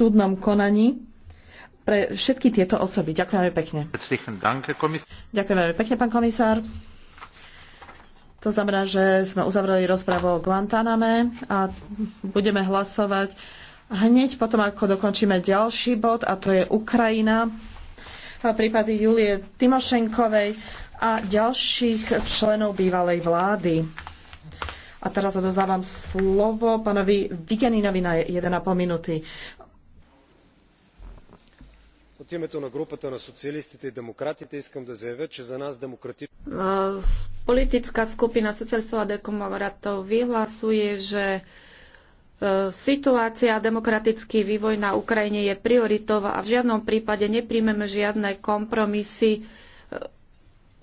súdnom konaní pre všetky tieto osoby. Ďakujem veľmi pekne. Ďakujem veľmi pekne, pán komisár. To znamená, že sme uzavreli rozpravu o Guantaname a budeme hlasovať hneď potom, ako dokončíme ďalší bod, a to je Ukrajina, prípady Julie Timošenkovej a ďalších členov bývalej vlády. A teraz odozdávam slovo pánovi Vigeninovi na 1,5 minúty. От името на групата на социалистите и демократите искам да заявя, че за нас демократично... Politická skupina socialistov a demokratov vyhlasuje, že situácia a demokratický vývoj na Ukrajine je prioritou a v žiadnom prípade nepríjmeme žiadne kompromisy e,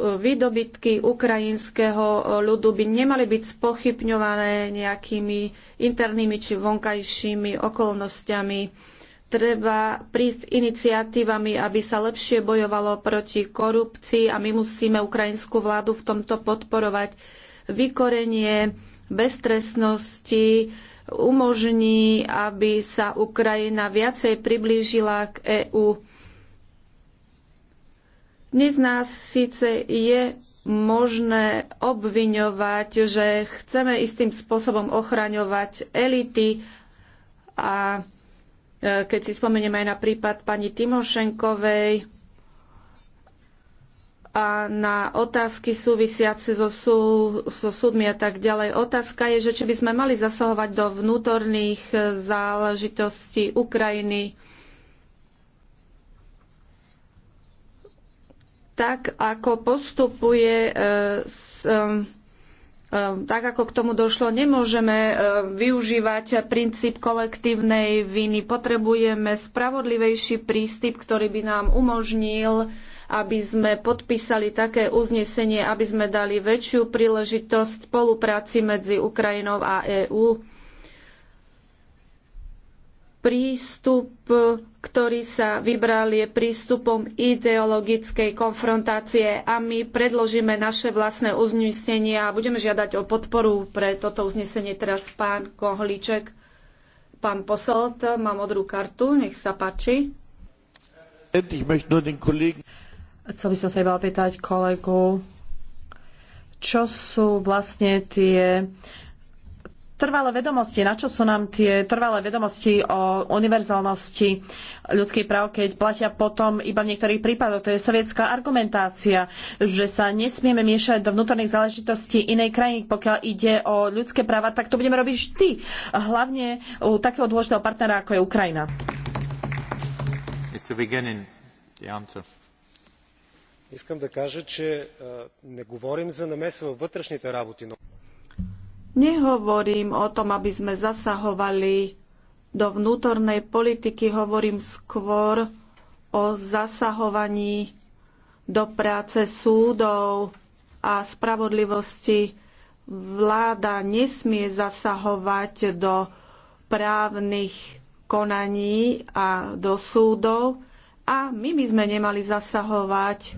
výdobytky ukrajinského e, ľudu by nemali byť spochybňované nejakými internými či vonkajšími okolnostiami treba prísť iniciatívami, aby sa lepšie bojovalo proti korupcii a my musíme ukrajinskú vládu v tomto podporovať. Vykorenie beztrestnosti umožní, aby sa Ukrajina viacej priblížila k EÚ. Dnes nás síce je možné obviňovať, že chceme istým spôsobom ochraňovať elity a E, keď si spomeniem aj na prípad pani Timošenkovej a na otázky súvisiace so, sú, so súdmi a tak ďalej. Otázka je, že či by sme mali zasahovať do vnútorných e, záležitostí Ukrajiny. tak, ako postupuje e, s, e, Ehm, tak ako k tomu došlo, nemôžeme ehm, využívať princíp kolektívnej viny. Potrebujeme spravodlivejší prístup, ktorý by nám umožnil, aby sme podpísali také uznesenie, aby sme dali väčšiu príležitosť spolupráci medzi Ukrajinou a EÚ prístup, ktorý sa vybral, je prístupom ideologickej konfrontácie a my predložíme naše vlastné uznesenie a budeme žiadať o podporu pre toto uznesenie teraz pán Kohliček. Pán Posolt, mám modrú kartu, nech sa páči. Chcel by som sa iba opýtať kolegu, čo sú vlastne tie trvalé vedomosti, na čo sú nám tie trvalé vedomosti o univerzálnosti ľudských práv, keď platia potom iba v niektorých prípadoch. To je sovietská argumentácia, že sa nesmieme miešať do vnútorných záležitostí inej krajiny, pokiaľ ide o ľudské práva, tak to budeme robiť vždy. Hlavne u takého dôležitého partnera, ako je Ukrajina. Искам да кажа, че не говорим за намеса във вътрешните работи Nehovorím o tom, aby sme zasahovali do vnútornej politiky, hovorím skôr o zasahovaní do práce súdov a spravodlivosti. Vláda nesmie zasahovať do právnych konaní a do súdov a my by sme nemali zasahovať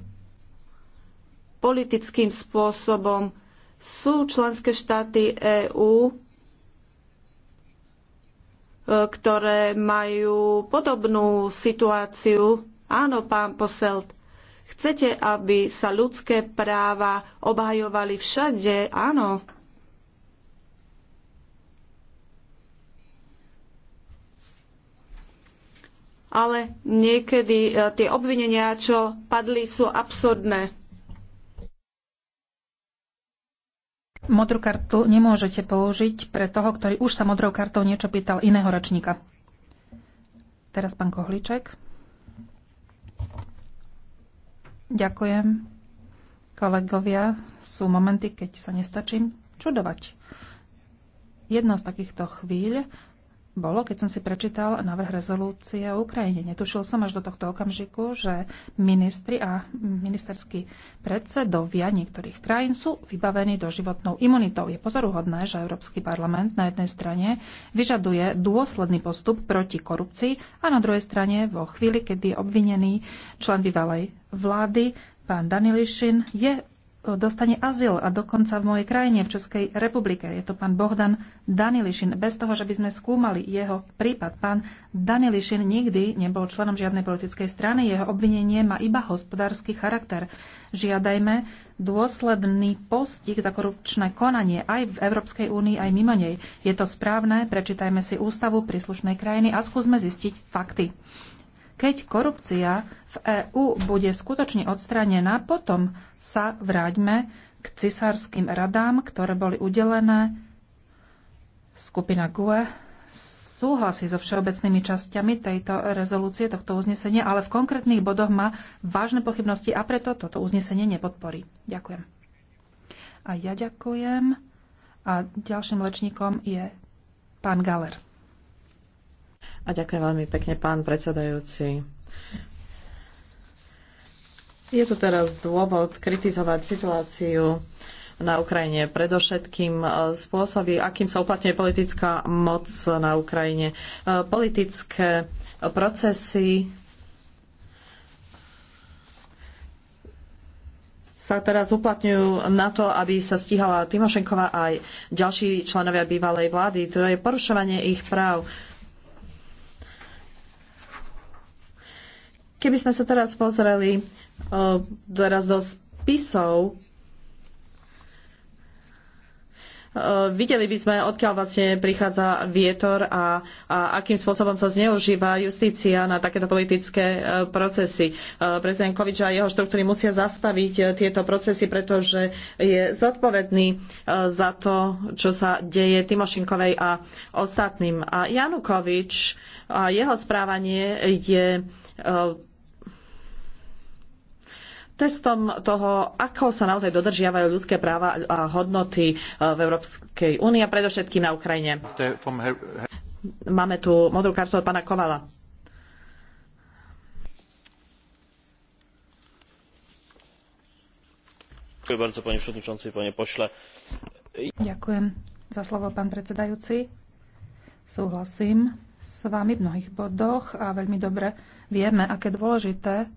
politickým spôsobom sú členské štáty EÚ, e, ktoré majú podobnú situáciu. Áno, pán Poselt, chcete, aby sa ľudské práva obhajovali všade? Áno. Ale niekedy e, tie obvinenia, čo padli, sú absurdné. Modrú kartu nemôžete použiť pre toho, ktorý už sa modrou kartou niečo pýtal iného ročníka. Teraz pán Kohliček. Ďakujem. Kolegovia, sú momenty, keď sa nestačím čudovať. Jedna z takýchto chvíľ bolo, keď som si prečítal návrh rezolúcie o Ukrajine. Netušil som až do tohto okamžiku, že ministri a ministerskí predsedovia niektorých krajín sú vybavení doživotnou imunitou. Je pozoruhodné, že Európsky parlament na jednej strane vyžaduje dôsledný postup proti korupcii a na druhej strane vo chvíli, kedy je obvinený člen bývalej vlády, pán Danilišin, je dostane azyl a dokonca v mojej krajine, v Českej republike. Je to pán Bohdan Danilišin. Bez toho, že by sme skúmali jeho prípad, pán Danilišin nikdy nebol členom žiadnej politickej strany. Jeho obvinenie má iba hospodársky charakter. Žiadajme dôsledný postih za korupčné konanie aj v Európskej únii, aj mimo nej. Je to správne, prečítajme si ústavu príslušnej krajiny a skúsme zistiť fakty. Keď korupcia v EÚ bude skutočne odstranená, potom sa vráťme k cisárským radám, ktoré boli udelené. Skupina GUE súhlasí so všeobecnými časťami tejto rezolúcie, tohto uznesenia, ale v konkrétnych bodoch má vážne pochybnosti a preto toto uznesenie nepodporí. Ďakujem. A ja ďakujem. A ďalším lečníkom je pán Galer. A ďakujem veľmi pekne, pán predsedajúci. Je tu teraz dôvod kritizovať situáciu na Ukrajine, predovšetkým e, spôsoby, akým sa uplatňuje politická moc na Ukrajine. E, politické procesy sa teraz uplatňujú na to, aby sa stíhala Timošenková aj ďalší členovia bývalej vlády. To je porušovanie ich práv. Keby sme sa teraz pozreli e, teraz do spisov, e, videli by sme, odkiaľ vlastne prichádza vietor a, a akým spôsobom sa zneužíva justícia na takéto politické e, procesy. Prezident Kovič a jeho štruktúry musia zastaviť tieto procesy, pretože je zodpovedný za to, čo sa deje Timošinkovej a ostatným. A Janukovič a jeho správanie je testom toho, ako sa naozaj dodržiavajú ľudské práva a hodnoty eh, v Európskej únii a predovšetkým na Ukrajine. Máme tu modrú kartu od pána Kovala. Ďakujem za slovo, pán predsedajúci. Súhlasím s vami v mnohých bodoch a veľmi dobre vieme, aké dôležité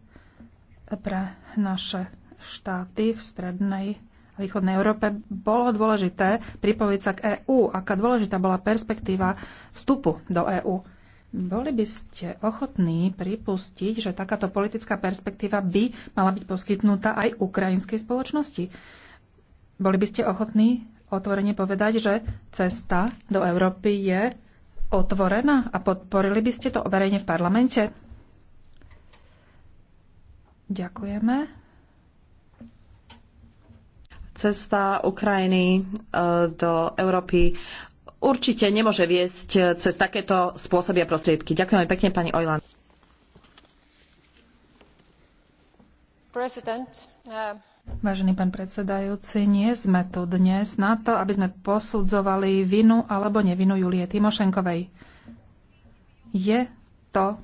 pre naše štáty v strednej a východnej Európe bolo dôležité pripojiť sa k EÚ, aká dôležitá bola perspektíva vstupu do EÚ. Boli by ste ochotní pripustiť, že takáto politická perspektíva by mala byť poskytnutá aj ukrajinskej spoločnosti? Boli by ste ochotní otvorene povedať, že cesta do Európy je otvorená a podporili by ste to verejne v parlamente? Ďakujeme. Cesta Ukrajiny e, do Európy určite nemôže viesť e, cez takéto spôsoby a prostriedky. Ďakujeme pekne, pani Ojlan. Uh... Vážený pán predsedajúci, nie sme tu dnes na to, aby sme posudzovali vinu alebo nevinu Julie Timošenkovej. Je to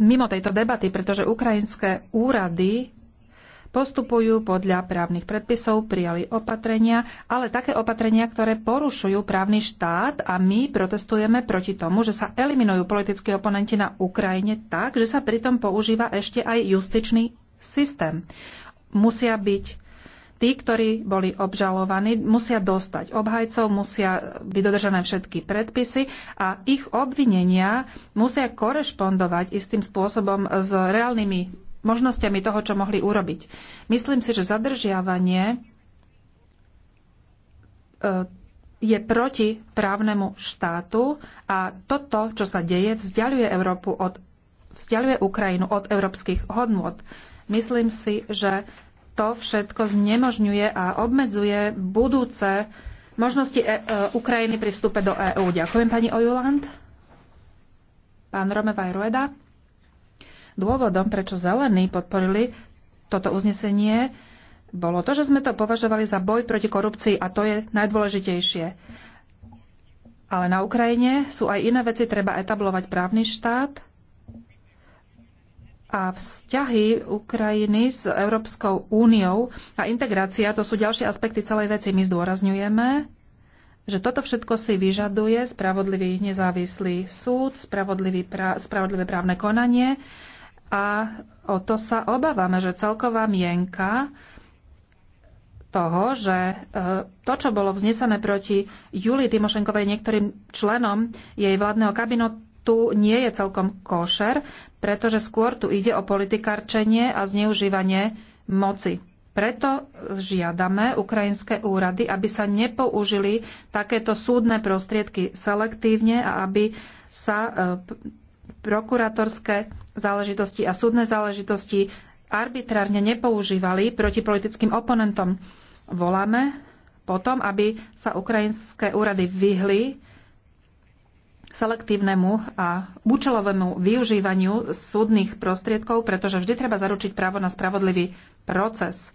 mimo tejto debaty, pretože ukrajinské úrady postupujú podľa právnych predpisov, prijali opatrenia, ale také opatrenia, ktoré porušujú právny štát a my protestujeme proti tomu, že sa eliminujú politickí oponenti na Ukrajine tak, že sa pritom používa ešte aj justičný systém. Musia byť tí, ktorí boli obžalovaní, musia dostať obhajcov, musia byť dodržané všetky predpisy a ich obvinenia musia korešpondovať istým spôsobom s reálnymi možnosťami toho, čo mohli urobiť. Myslím si, že zadržiavanie e, je proti právnemu štátu a toto, čo sa deje, vzdialuje Európu od vzdialuje Ukrajinu od európskych hodnôt. Myslím si, že to všetko znemožňuje a obmedzuje budúce možnosti e- e- Ukrajiny pri vstupe do EÚ. Ďakujem pani Ojuland. Pán Romevaj Rueda. Dôvodom, prečo zelení podporili toto uznesenie, bolo to, že sme to považovali za boj proti korupcii a to je najdôležitejšie. Ale na Ukrajine sú aj iné veci, treba etablovať právny štát, a vzťahy Ukrajiny s Európskou úniou a integrácia, to sú ďalšie aspekty celej veci. My zdôrazňujeme, že toto všetko si vyžaduje spravodlivý nezávislý súd, spravodlivý pra- spravodlivé právne konanie a o to sa obávame, že celková mienka toho, že e, to, čo bolo vznesené proti Julii Timošenkovej niektorým členom jej vládneho kabinetu, tu nie je celkom košer, pretože skôr tu ide o politikárčenie a zneužívanie moci. Preto žiadame ukrajinské úrady, aby sa nepoužili takéto súdne prostriedky selektívne a aby sa e, prokuratorské záležitosti a súdne záležitosti arbitrárne nepoužívali proti politickým oponentom. Voláme potom, aby sa ukrajinské úrady vyhli selektívnemu a účelovému využívaniu súdnych prostriedkov, pretože vždy treba zaručiť právo na spravodlivý proces.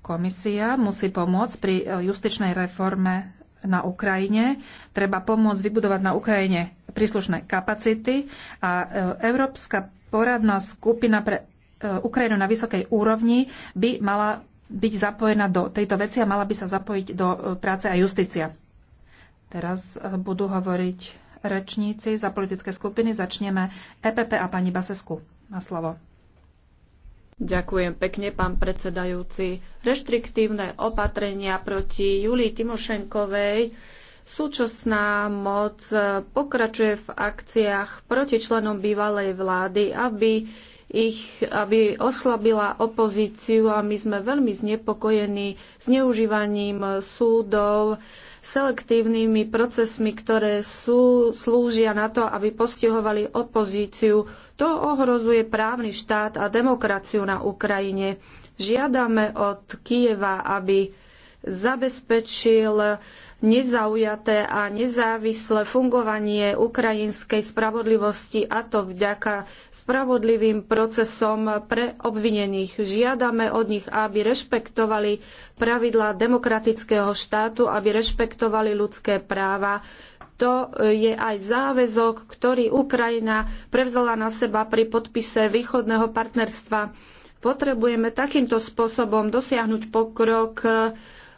Komisia musí pomôcť pri eh, justičnej reforme na Ukrajine. Treba pomôcť vybudovať na Ukrajine príslušné kapacity a eh, Európska poradná skupina pre eh, Ukrajinu na vysokej úrovni by mala byť zapojená do tejto veci a mala by sa zapojiť do práce a justícia. Teraz budú hovoriť rečníci za politické skupiny. Začneme EPP a pani Basesku. na slovo. Ďakujem pekne, pán predsedajúci. Reštriktívne opatrenia proti Julii Timošenkovej Súčasná moc pokračuje v akciách proti členom bývalej vlády, aby ich, aby oslabila opozíciu a my sme veľmi znepokojení zneužívaním súdov, selektívnymi procesmi, ktoré sú, slúžia na to, aby postihovali opozíciu. To ohrozuje právny štát a demokraciu na Ukrajine. Žiadame od Kieva, aby zabezpečil nezaujaté a nezávislé fungovanie ukrajinskej spravodlivosti a to vďaka spravodlivým procesom pre obvinených. Žiadame od nich, aby rešpektovali pravidlá demokratického štátu, aby rešpektovali ľudské práva. To je aj záväzok, ktorý Ukrajina prevzala na seba pri podpise východného partnerstva potrebujeme takýmto spôsobom dosiahnuť pokrok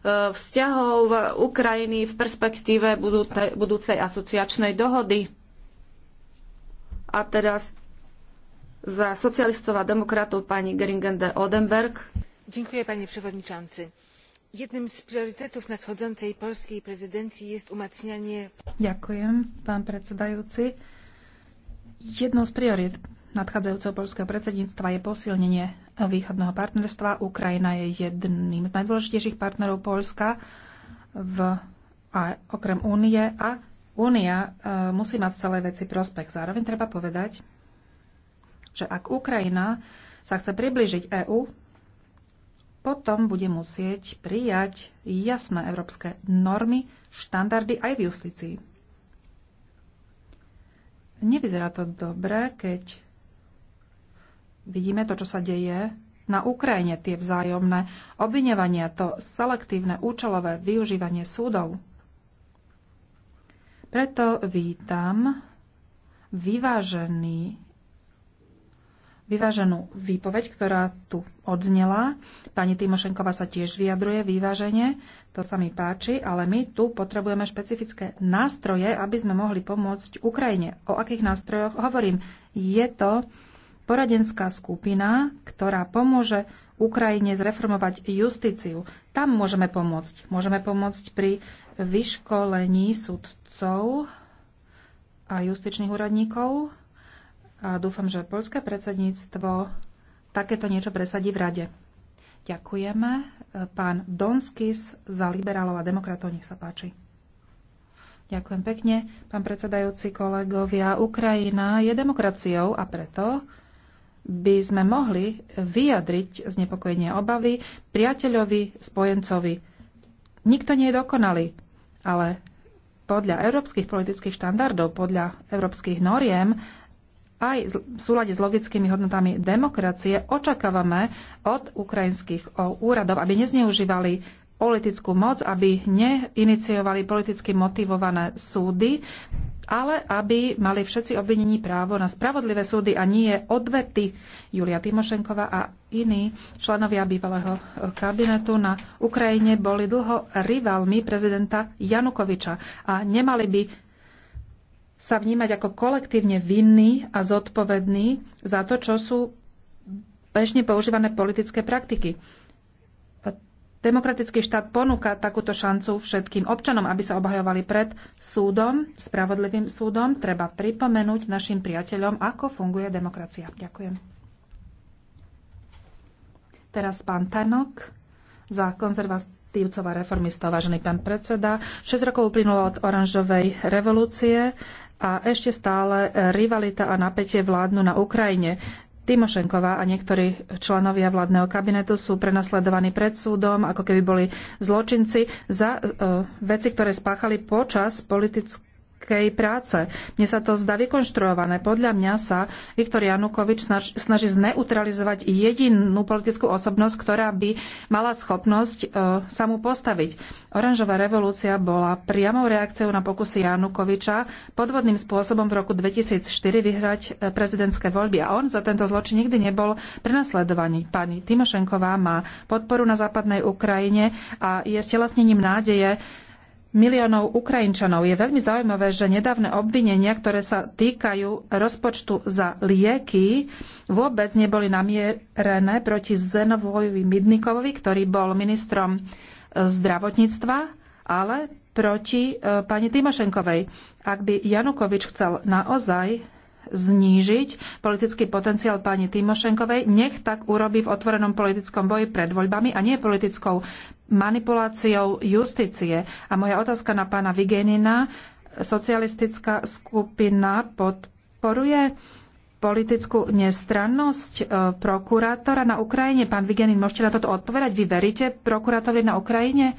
E, vzťahov Ukrajiny v perspektíve budúcej asociačnej dohody. A teraz za socialistov a demokratov pani Geringende Odenberg. Dziękuję panie przewodniczący. Jednym z priorytetów nadchodzącej polskiej prezydencji jest umacnianie... Ďakujem, pán predsedajúci. Jednou z priorit nadchádzajúceho polského predsedníctva je posilnenie východného partnerstva. Ukrajina je jedným z najdôležitejších partnerov Polska v, a, okrem únie a únia e, musí mať celé veci prospech. Zároveň treba povedať, že ak Ukrajina sa chce priblížiť EÚ, potom bude musieť prijať jasné európske normy, štandardy aj v justícii. Nevyzerá to dobre, keď Vidíme to, čo sa deje na Ukrajine, tie vzájomné obviňovania, to selektívne účelové využívanie súdov. Preto vítam vyvážený vyváženú výpoveď, ktorá tu odznela. Pani Timošenková sa tiež vyjadruje vyváženie, to sa mi páči, ale my tu potrebujeme špecifické nástroje, aby sme mohli pomôcť Ukrajine. O akých nástrojoch hovorím? Je to poradenská skupina, ktorá pomôže Ukrajine zreformovať justíciu. Tam môžeme pomôcť. Môžeme pomôcť pri vyškolení sudcov a justičných úradníkov. A dúfam, že poľské predsedníctvo takéto niečo presadí v rade. Ďakujeme. Pán Donskis za liberálov a demokratov, nech sa páči. Ďakujem pekne. Pán predsedajúci, kolegovia, Ukrajina je demokraciou a preto by sme mohli vyjadriť znepokojenie obavy priateľovi, spojencovi. Nikto nie je dokonalý, ale podľa európskych politických štandardov, podľa európskych noriem, aj v súlade s logickými hodnotami demokracie očakávame od ukrajinských úradov, aby nezneužívali politickú moc, aby neiniciovali politicky motivované súdy, ale aby mali všetci obvinení právo na spravodlivé súdy a nie odvety. Julia Timošenkova a iní členovia bývalého kabinetu na Ukrajine boli dlho rivalmi prezidenta Janukoviča a nemali by sa vnímať ako kolektívne vinní a zodpovední za to, čo sú bežne používané politické praktiky. Demokratický štát ponúka takúto šancu všetkým občanom, aby sa obhajovali pred súdom, spravodlivým súdom. Treba pripomenúť našim priateľom, ako funguje demokracia. Ďakujem. Teraz pán Tanok za konzervatívcov a reformistov, vážený pán predseda. 6 rokov uplynulo od oranžovej revolúcie a ešte stále rivalita a napätie vládnu na Ukrajine. Timošenková a niektorí členovia vládneho kabinetu sú prenasledovaní pred súdom, ako keby boli zločinci za e, veci, ktoré spáchali počas politického ťažkej práce. Mne sa to zdá vykonštruované. Podľa mňa sa Viktor Janukovič snaží zneutralizovať jedinú politickú osobnosť, ktorá by mala schopnosť e, sa mu postaviť. Oranžová revolúcia bola priamou reakciou na pokusy Janukoviča podvodným spôsobom v roku 2004 vyhrať e, prezidentské voľby. A on za tento zločin nikdy nebol prenasledovaný. Pani Timošenková má podporu na západnej Ukrajine a je stelesnením nádeje, miliónov Ukrajinčanov. Je veľmi zaujímavé, že nedávne obvinenia, ktoré sa týkajú rozpočtu za lieky, vôbec neboli namierené proti Zenovojovi Midnikovovi, ktorý bol ministrom e, zdravotníctva, ale proti e, pani Timošenkovej. Ak by Janukovič chcel naozaj znížiť politický potenciál pani Timošenkovej. Nech tak urobí v otvorenom politickom boji pred voľbami a nie politickou manipuláciou justície. A moja otázka na pána Vigenina. Socialistická skupina podporuje politickú nestrannosť e, prokurátora na Ukrajine. Pán Vigenin, môžete na toto odpovedať? Vy veríte prokurátorovi na Ukrajine?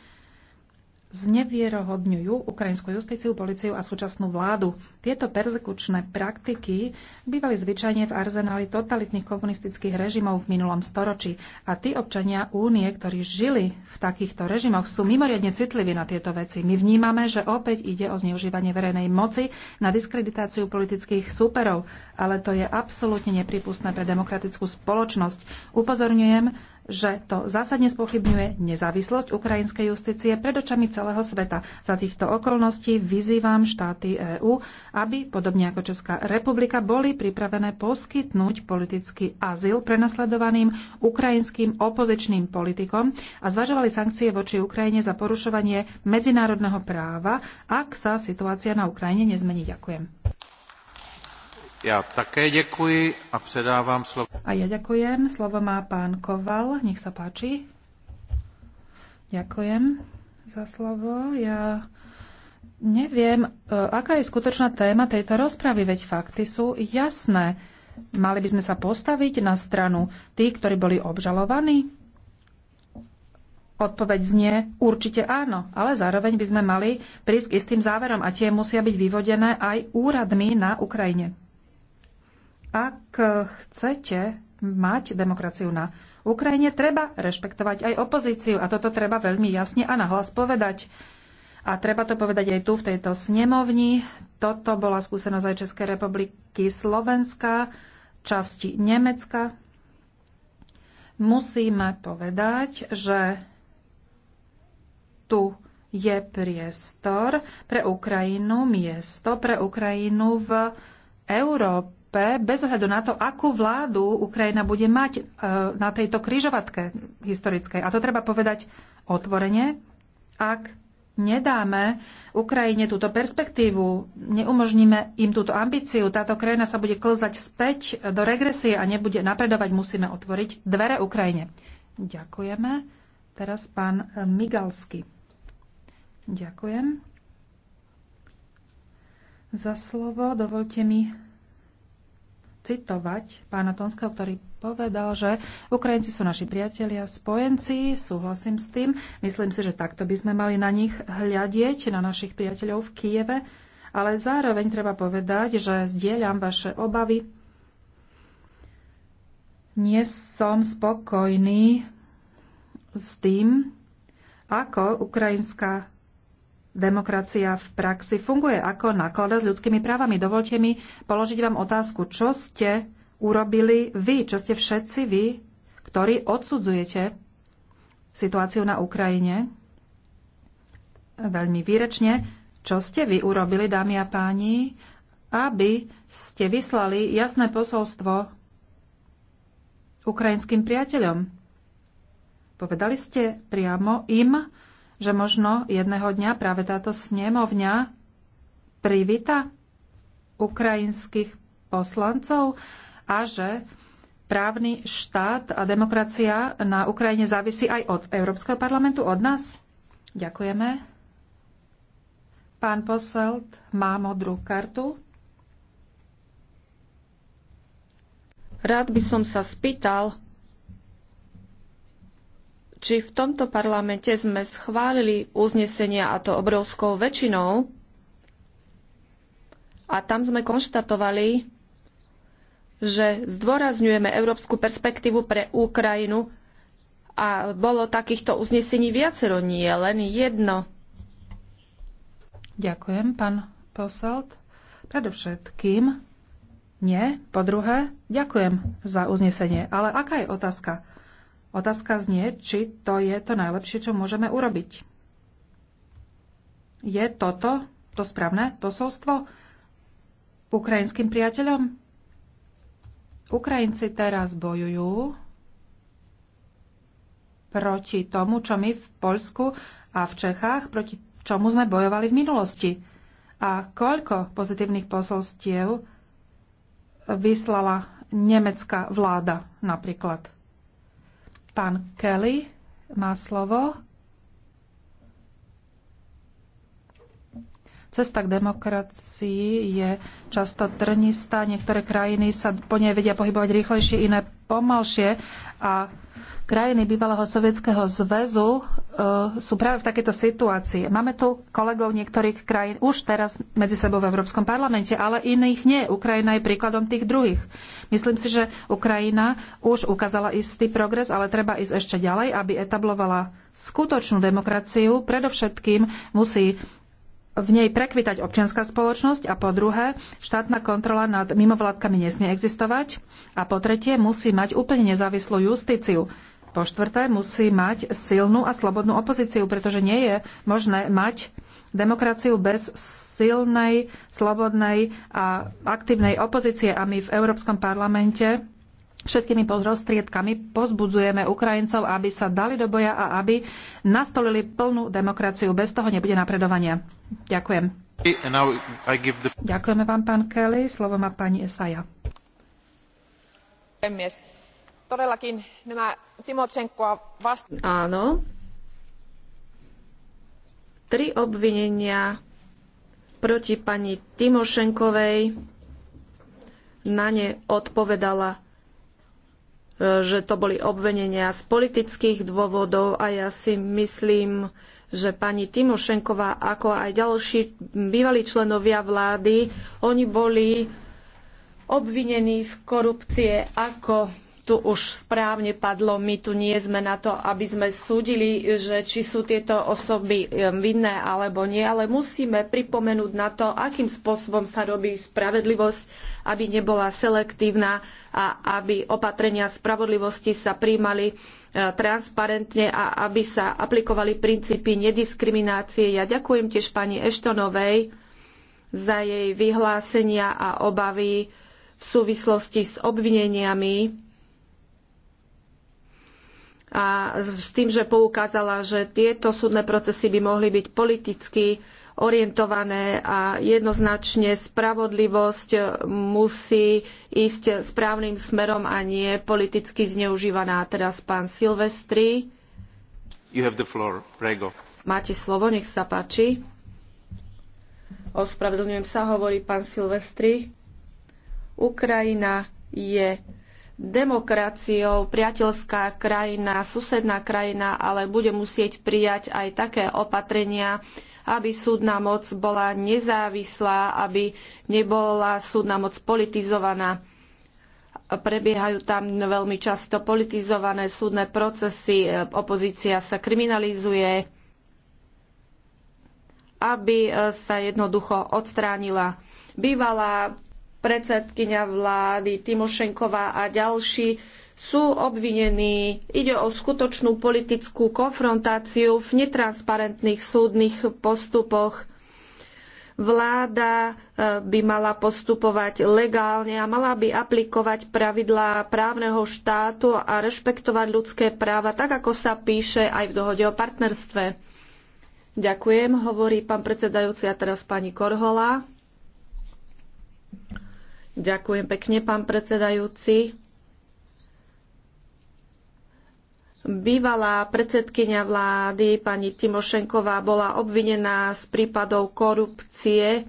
znevierohodňujú ukrajinskú justíciu, policiu a súčasnú vládu. Tieto persekučné praktiky bývali zvyčajne v arzenáli totalitných komunistických režimov v minulom storočí a tí občania únie, ktorí žili v takýchto režimoch, sú mimoriadne citliví na tieto veci. My vnímame, že opäť ide o zneužívanie verejnej moci na diskreditáciu politických súperov, ale to je absolútne nepripustné pre demokratickú spoločnosť. Upozorňujem, že to zásadne spochybňuje nezávislosť ukrajinskej justície pred očami celého sveta. Za týchto okolností vyzývam štáty EÚ, aby, podobne ako Česká republika, boli pripravené poskytnúť politický azyl prenasledovaným ukrajinským opozičným politikom a zvažovali sankcie voči Ukrajine za porušovanie medzinárodného práva, ak sa situácia na Ukrajine nezmení. Ďakujem. Ja také ďakujem a předávám slovo. A ja ďakujem. Slovo má pán Koval. Nech sa páči. Ďakujem za slovo. Ja neviem, e, aká je skutočná téma tejto rozpravy, veď fakty sú jasné. Mali by sme sa postaviť na stranu tých, ktorí boli obžalovaní? Odpoveď znie určite áno, ale zároveň by sme mali prísť k istým záverom a tie musia byť vyvodené aj úradmi na Ukrajine. Ak chcete mať demokraciu na Ukrajine, treba rešpektovať aj opozíciu a toto treba veľmi jasne a nahlas povedať. A treba to povedať aj tu, v tejto snemovni. Toto bola skúsenosť aj Českej republiky, Slovenska, časti Nemecka. Musíme povedať, že tu je priestor pre Ukrajinu, miesto pre Ukrajinu v Európe Európe, bez ohľadu na to, akú vládu Ukrajina bude mať e, na tejto kryžovatke historickej. A to treba povedať otvorene, ak nedáme Ukrajine túto perspektívu, neumožníme im túto ambíciu, táto krajina sa bude klzať späť do regresie a nebude napredovať, musíme otvoriť dvere Ukrajine. Ďakujeme. Teraz pán Migalsky. Ďakujem za slovo. Dovolte mi citovať pána Tonského, ktorý povedal, že Ukrajinci sú naši priatelia, spojenci, súhlasím s tým. Myslím si, že takto by sme mali na nich hľadieť, na našich priateľov v Kieve, ale zároveň treba povedať, že zdieľam vaše obavy. Nie som spokojný s tým, ako ukrajinská demokracia v praxi funguje, ako naklada s ľudskými právami. Dovolte mi položiť vám otázku, čo ste urobili vy, čo ste všetci vy, ktorí odsudzujete situáciu na Ukrajine. Veľmi výrečne, čo ste vy urobili, dámy a páni, aby ste vyslali jasné posolstvo ukrajinským priateľom. Povedali ste priamo im, že možno jedného dňa práve táto snemovňa privita ukrajinských poslancov a že právny štát a demokracia na Ukrajine závisí aj od Európskeho parlamentu, od nás? Ďakujeme. Pán Poselt má modrú kartu. Rád by som sa spýtal, či v tomto parlamente sme schválili uznesenia a to obrovskou väčšinou. A tam sme konštatovali, že zdôrazňujeme európsku perspektívu pre Ukrajinu a bolo takýchto uznesení viacero, nie len jedno. Ďakujem, pán Posolt. Predovšetkým, nie, po druhé, ďakujem za uznesenie. Ale aká je otázka? Otázka znie, či to je to najlepšie, čo môžeme urobiť. Je toto to správne posolstvo ukrajinským priateľom? Ukrajinci teraz bojujú proti tomu, čo my v Poľsku a v Čechách, proti čomu sme bojovali v minulosti. A koľko pozitívnych posolstiev vyslala nemecká vláda napríklad. Pán Kelly má slovo. Cesta k demokracii je často trnistá. Niektoré krajiny sa po nej vedia pohybovať rýchlejšie, iné pomalšie. A krajiny bývalého sovietského zväzu Eh, sú práve v takejto situácii. Máme tu kolegov niektorých krajín už teraz medzi sebou v Európskom parlamente, ale iných nie. Ukrajina je príkladom tých druhých. Myslím si, že Ukrajina už ukázala istý progres, ale treba ísť ešte ďalej, aby etablovala skutočnú demokraciu. Predovšetkým musí v nej prekvitať občianská spoločnosť a po druhé, štátna kontrola nad mimovládkami nesmie existovať a po tretie, musí mať úplne nezávislú justíciu. Po štvrté, musí mať silnú a slobodnú opozíciu, pretože nie je možné mať demokraciu bez silnej, slobodnej a aktívnej opozície. A my v Európskom parlamente všetkými prostriedkami pozbudzujeme Ukrajincov, aby sa dali do boja a aby nastolili plnú demokraciu. Bez toho nebude napredovania. Ďakujem. Ďakujeme vám, pán Kelly. Slovo má pani Esaja todellakin nämä Timotsenkoa vastaan. Áno. Tri obvinenia proti pani Timošenkovej. Na ne odpovedala, e, že to boli obvinenia z politických dôvodov a ja si myslím, že pani Timošenková ako aj ďalší bývalí členovia vlády, oni boli obvinení z korupcie ako tu už správne padlo, my tu nie sme na to, aby sme súdili, že či sú tieto osoby vinné alebo nie, ale musíme pripomenúť na to, akým spôsobom sa robí spravedlivosť, aby nebola selektívna a aby opatrenia spravodlivosti sa príjmali eh, transparentne a aby sa aplikovali princípy nediskriminácie. Ja ďakujem tiež pani Eštonovej za jej vyhlásenia a obavy v súvislosti s obvineniami a s tým, že poukázala, že tieto súdne procesy by mohli byť politicky orientované a jednoznačne spravodlivosť musí ísť správnym smerom a nie politicky zneužívaná. Teraz pán Silvestri. You have the floor. Prego. Máte slovo, nech sa páči. Ospravedlňujem sa, hovorí pán Silvestri. Ukrajina je demokraciou, priateľská krajina, susedná krajina, ale bude musieť prijať aj také opatrenia, aby súdna moc bola nezávislá, aby nebola súdna moc politizovaná. Prebiehajú tam veľmi často politizované súdne procesy, opozícia sa kriminalizuje, aby sa jednoducho odstránila bývalá predsedkynia vlády Timošenková a ďalší sú obvinení. Ide o skutočnú politickú konfrontáciu v netransparentných súdnych postupoch. Vláda e, by mala postupovať legálne a mala by aplikovať pravidlá právneho štátu a rešpektovať ľudské práva, tak ako sa píše aj v dohode o partnerstve. Ďakujem, hovorí pán predsedajúci a teraz pani Korhola. Ďakujem pekne, pán predsedajúci. Bývalá predsedkynia vlády pani Timošenková bola obvinená z prípadov korupcie.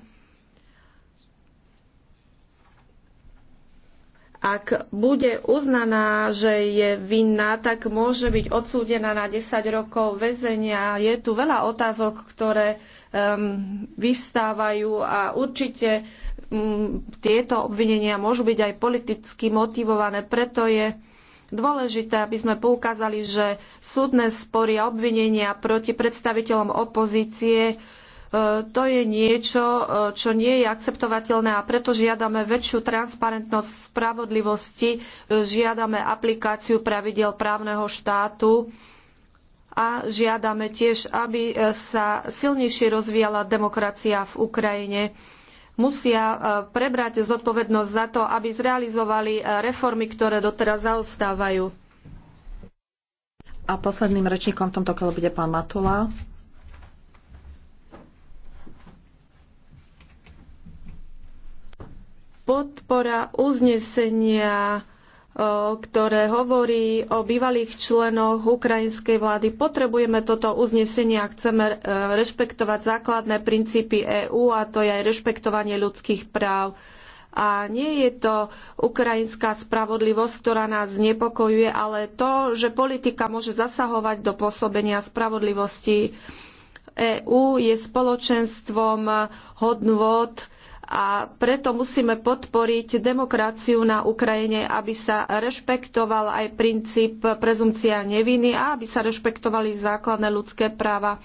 Ak bude uznaná, že je vinná, tak môže byť odsúdená na 10 rokov väzenia. Je tu veľa otázok, ktoré um, ehm, vyvstávajú a určite tieto obvinenia môžu byť aj politicky motivované. Preto je dôležité, aby sme poukázali, že súdne spory a obvinenia proti predstaviteľom opozície e, to je niečo, e, čo nie je akceptovateľné a preto žiadame väčšiu transparentnosť spravodlivosti, e, žiadame aplikáciu pravidel právneho štátu a žiadame tiež, aby sa silnejšie rozvíjala demokracia v Ukrajine musia e, prebrať zodpovednosť za to, aby zrealizovali e, reformy, ktoré doteraz zaostávajú. A posledným rečníkom v tomto kole bude pán Matula. Podpora uznesenia ktoré hovorí o bývalých členoch ukrajinskej vlády. Potrebujeme toto uznesenie a chceme e, rešpektovať základné princípy EÚ a to je aj rešpektovanie ľudských práv. A nie je to ukrajinská spravodlivosť, ktorá nás znepokojuje, ale to, že politika môže zasahovať do pôsobenia spravodlivosti. EÚ je spoločenstvom hodnôt, a preto musíme podporiť demokraciu na Ukrajine, aby sa rešpektoval aj princíp prezumcia neviny a aby sa rešpektovali základné ľudské práva.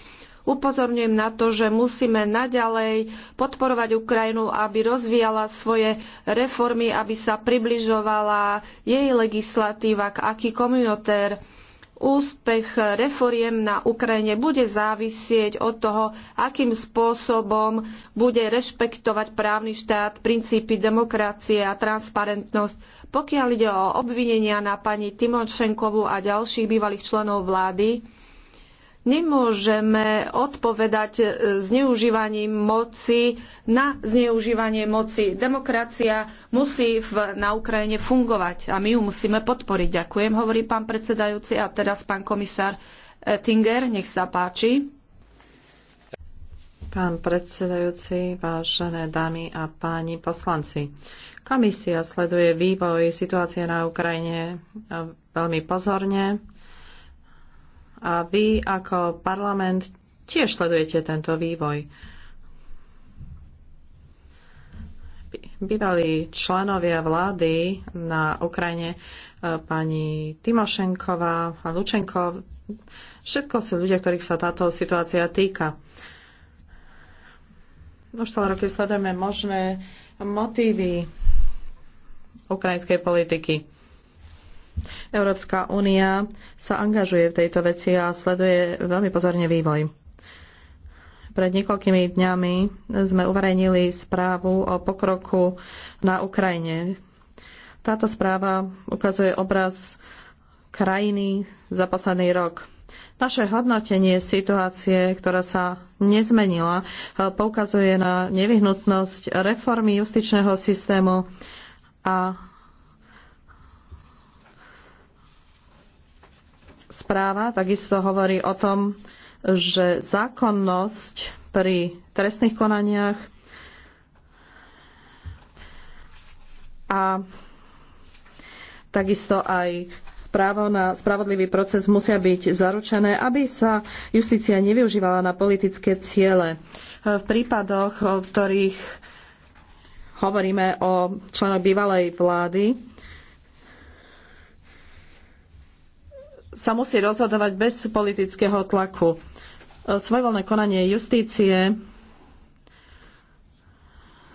Upozorňujem na to, že musíme naďalej podporovať Ukrajinu, aby rozvíjala svoje reformy, aby sa približovala jej legislatíva k aký komunitér Úspech reforiem na Ukrajine bude závisieť od toho, akým spôsobom bude rešpektovať právny štát, princípy demokracie a transparentnosť. Pokiaľ ide o obvinenia na pani Timošenkovú a ďalších bývalých členov vlády, nemôžeme odpovedať e, zneužívaním moci na zneužívanie moci. Demokracia musí v, na Ukrajine fungovať a my ju musíme podporiť. Ďakujem, hovorí pán predsedajúci a teraz pán komisár Tinger, nech sa páči. Pán predsedajúci, vážené dámy a páni poslanci. Komisia sleduje vývoj situácie na Ukrajine veľmi pozorne a vy ako parlament tiež sledujete tento vývoj. Bývalí členovia vlády na Ukrajine, e, pani Timošenková a Lučenko, všetko sú ľudia, ktorých sa táto situácia týka. Už celé roky sledujeme možné motívy ukrajinskej politiky Európska únia sa angažuje v tejto veci a sleduje veľmi pozorne vývoj. Pred niekoľkými dňami sme uverejnili správu o pokroku na Ukrajine. Táto správa ukazuje obraz krajiny za posledný rok. Naše hodnotenie situácie, ktorá sa nezmenila, poukazuje na nevyhnutnosť reformy justičného systému a správa takisto hovorí o tom, že zákonnosť pri trestných konaniach a takisto aj právo na spravodlivý proces musia byť zaručené, aby sa justícia nevyužívala na politické ciele. V prípadoch, v ktorých hovoríme o členoch bývalej vlády, sa musí rozhodovať bez politického tlaku. E, Svojvoľné konanie justície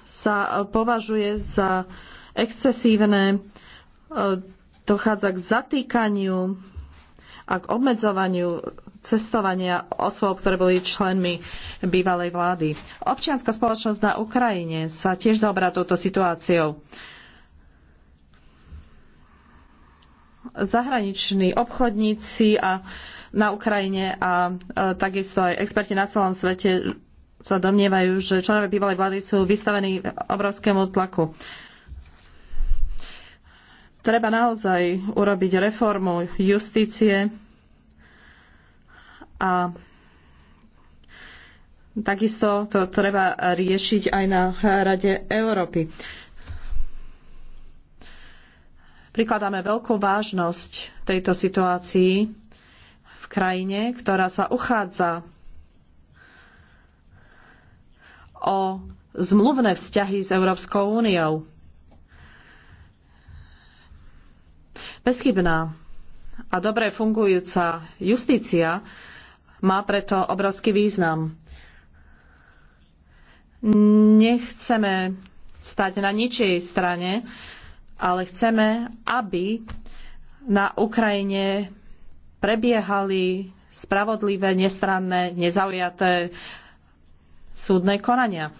sa považuje za excesívne, e, dochádza k zatýkaniu a k obmedzovaniu cestovania osôb, ktoré boli členmi bývalej vlády. Občianská spoločnosť na Ukrajine sa tiež zaoberá touto situáciou. zahraniční obchodníci a na Ukrajine a takisto aj experti na celom svete sa domnievajú, že členovia bývalej vlády sú vystavení obrovskému tlaku. Treba naozaj urobiť reformu justície a takisto to treba riešiť aj na Rade Európy prikladáme veľkú vážnosť tejto situácii v krajine, ktorá sa uchádza o zmluvné vzťahy s Európskou úniou. Bezchybná a dobre fungujúca justícia má preto obrovský význam. Nechceme stať na ničej strane, ale chceme, aby na Ukrajine prebiehali spravodlivé, nestranné, nezaujaté súdne konania.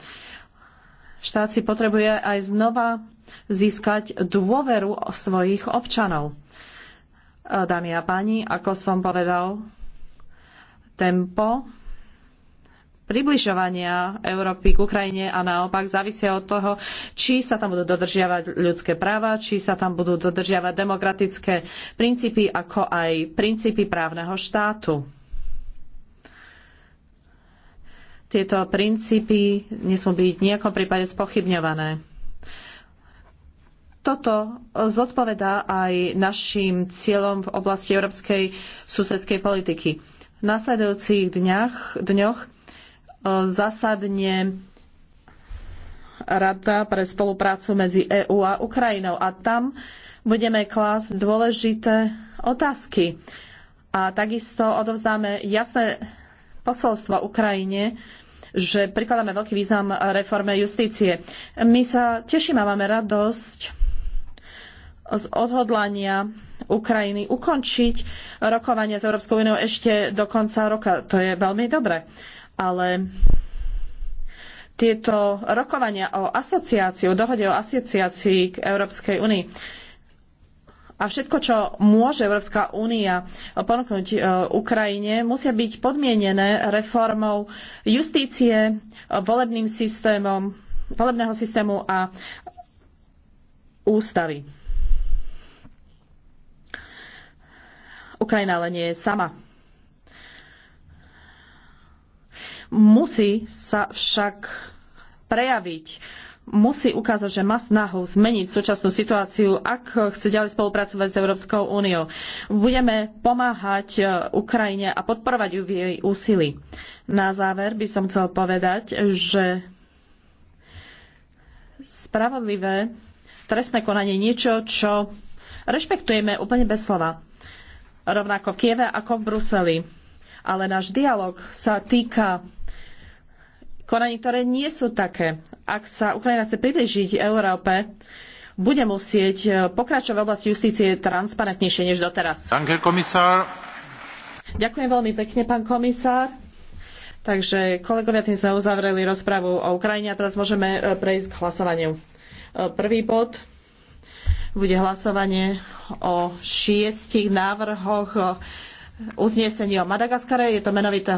Štát si potrebuje aj znova získať dôveru svojich občanov. Dámy a páni, ako som povedal, tempo približovania Európy k Ukrajine a naopak závisia od toho, či sa tam budú dodržiavať ľudské práva, či sa tam budú dodržiavať demokratické princípy, ako aj princípy právneho štátu. Tieto princípy nesmú byť v nejakom prípade spochybňované. Toto zodpovedá aj našim cieľom v oblasti európskej susedskej politiky. V nasledujúcich dňach, dňoch zasadne Rada pre spoluprácu medzi EÚ a Ukrajinou a tam budeme klásť dôležité otázky. A takisto odovzdáme jasné posolstva Ukrajine, že prikladáme veľký význam reforme justície. My sa tešíme a máme radosť z odhodlania Ukrajiny ukončiť rokovanie s Európskou úniou ešte do konca roka. To je veľmi dobré ale tieto rokovania o asociácii, o dohode o asociácii k Európskej únii a všetko, čo môže Európska únia ponúknuť e, Ukrajine, musia byť podmienené reformou justície, volebným systémom, volebného systému a ústavy. Ukrajina ale nie je sama. Musí sa však prejaviť musí ukázať, že má snahu zmeniť súčasnú situáciu, ak chce ďalej spolupracovať s Európskou úniou. Budeme pomáhať e, Ukrajine a podporovať ju v jej úsilí. Na záver by som chcel povedať, že spravodlivé trestné konanie je niečo, čo rešpektujeme úplne bez slova. Rovnako v Kieve ako v Bruseli. Ale náš dialog sa týka konaní, ktoré nie sú také. Ak sa Ukrajina chce priblížiť Európe, bude musieť e, pokračovať v oblasti justície transparentnejšie než doteraz. Danke, komisár. Ďakujem veľmi pekne, pán komisár. Takže kolegovia, tým sme uzavreli rozpravu o Ukrajine a teraz môžeme e, prejsť k hlasovaniu. E, prvý bod bude hlasovanie o šiestich návrhoch uznesení o Madagaskare. Je to menovité